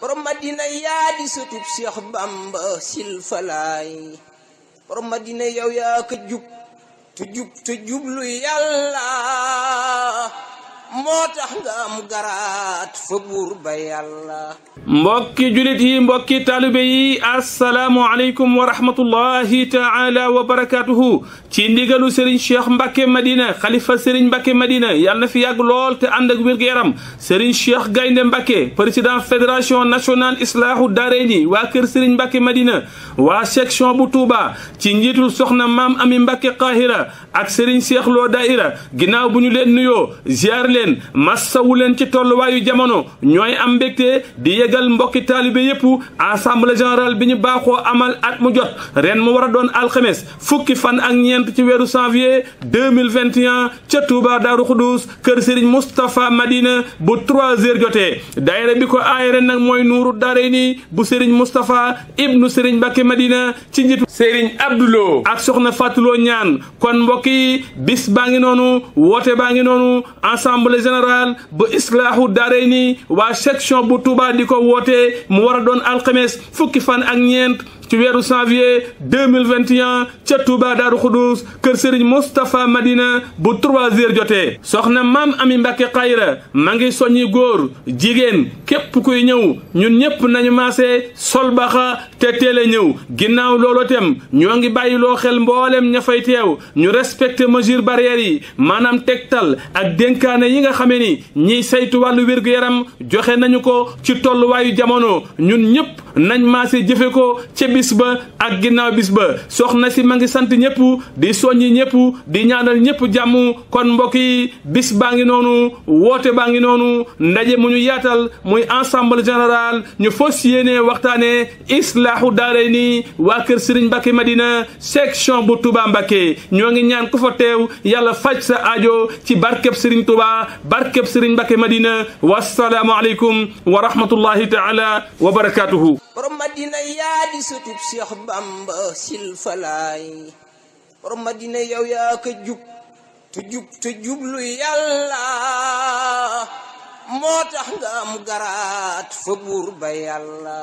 borom madina yaa di sëtub Seex Bamba silfalaay borom madina yow yaa ko jub te jub te jublu yàlla moo mbokki julit yi mbokki taalibe yi assalaamu aleykum wa rahmatullahi taala wa barakaatuhu ci ndigalu Serigne Cheikh Mbacke Madina xalifa Serigne Mbacke Madina yàlla na fi yàgg lool te ànd ak wér yaram Serigne Cheikh Gaynde Mbacke président fédération nationale islaahu daarayni waa kër Serigne Mbacke Madina waa section bu Touba ci njiitul soxna maam Ami Mbacke Qahira ak Serigne Cheikh Lo Daïra ginnaaw bu ñu leen nuyoo ziar leen massawu leen ci tolluwaayu jamono ñooy am mbégte di yëgal mbokki taalibe yépp assemblée générale bi ñu baaxoo amal at mu jot ren mu war a doon alxames fukki fan ak ñeent ci weeru janvier 2021 ca Touba Daaru Xudus kër Serigne Moustapha Madina bu 3 heures jotee daayira bi ko aay ren nag mooy nuuru daare ni bu Serigne Moustapha ibnu seriñ Mbacké Madina ci njiitu Serigne Abdouloo ak soxna Fatuloo ñaan kon mbokk yi baa ngi noonu woote baa ngi noonu ensemble général ba islaahu daaray nii waa section bu Touba di ko wootee mu war a doon alxames fukki fan ak ñeent ci weeru janvier 2021 ca Touba Daaru Xuduus kër Serigne Moustapha Madina bu 3h jotee soxna maam Ami Mbacke Xayra ma ngi soññi góor jigéen képp kuy ñëw ñun ñëpp nañu maase sol baxa te teel a ñëw ginnaaw loolo tem ñoo ngi bàyyiloo xel mboolem ña fay teew ñu respecté mesure barrière yi maanaam tegtal ak dénkaane yi nga xamee ni ñiy saytu wàllu wér yaram joxe nañu ko ci tolluwaayu jamono ñun ñëpp nañ maase jëfe ko ca bis ba ak ginnaaw bis ba soxna si ma ngi sant ñëpp di soññi ñëpp di ñaanal ñëpp jàmm kon mbokk yi bis baa ngi noonu woote baa ngi noonu ndaje mu ñu yaatal muy ensemble général ñu fas yéene waxtaane islaahu daaray nii waa kër Serigne Mbacke Madina section bu Touba Mbacke ñoo ngi ñaan ku fa teew yàlla faj sa ajo ci barkeb Serigne Touba barkeb Serigne Mbacke wa wasalaamu aleykum wa rahmatullahi taala wa barakatuhu Madina yaa di sutub Cheikh Bamba silfalaay borom Madina yow yaa ko jub te jub te jublu yàlla moo tax nga am garaat fa buur ba yàlla